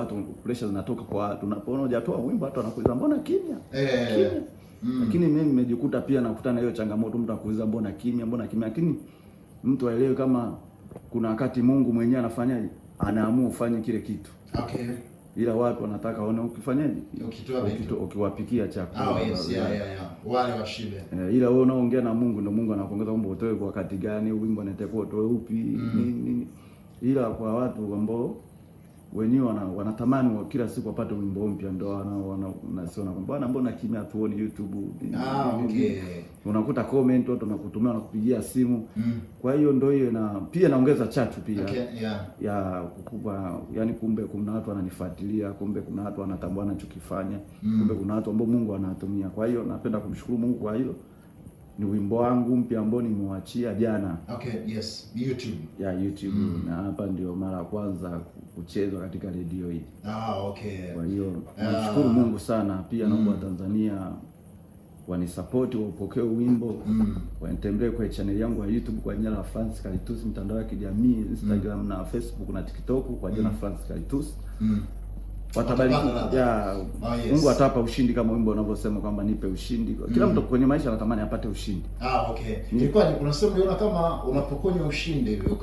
watu pressure zinatoka kwa watu. Unapoona hujatoa wimbo watu wanakuuliza mbona kimya? Eh. Kimya. Mm. Lakini mimi nimejikuta pia nakutana na hiyo changamoto, mtu anakuuliza mbona kimya, mbona kimya, lakini mtu aelewe kama kuna wakati Mungu mwenyewe anafanya anaamua ufanye kile kitu. Okay. Ila watu wanataka waone ukifanyaje, ukitoa vitu, ukiwapikia chakula. Ah, yes, yeah, yeah, yeah. Wale washibe. E, ila wewe unaongea na Mungu, ndio Mungu anakuongeza kwamba utoe kwa wakati gani, wimbo unatakiwa utoe upi, mm. nini. Ila kwa watu ambao wenyewe wana, wanatamani wa kila siku wapate wimbo mpya, ndio wana kwamba bwana, mbona kimya tuone YouTube. Ah, okay. Unakuta comment watu wanakutumia wanakupigia simu mm. Kwa hiyo ndio hiyo na pia naongeza chat pia okay, yeah. ya kukubwa, yani, kumbe kuna watu wananifuatilia, kumbe kuna watu wanatambua ninachokifanya mm. Kumbe kuna watu ambao Mungu anatumia Kwa hiyo napenda kumshukuru Mungu kwa hiyo ni wimbo wangu mpya ambao nimewachia jana. Okay, yes, YouTube. Yeah, YouTube mm. na hapa ndio mara ya kwanza kuchezwa katika redio hii. Ah, okay. Kwa hiyo ah. nashukuru uh, Mungu sana pia mm. naomba Tanzania wanisapoti waupokee wimbo mm. wanitembelee kwa chaneli yangu ya YouTube kwa jina la Francis Kalitusi, mtandao wa kijamii Instagram mm. na Facebook na TikTok kwa jina la mm. Francis Kalitusi mm watabarikiwa oh, yes. Mungu ushindi kama wimbo unavyosema kwamba nipe ushindi. Kila mm. mtu kwenye maisha anatamani apate ushindi. Ah, okay. Ilikuwa ni kuna sehemu unaona kama unapokonywa ushindi hivyo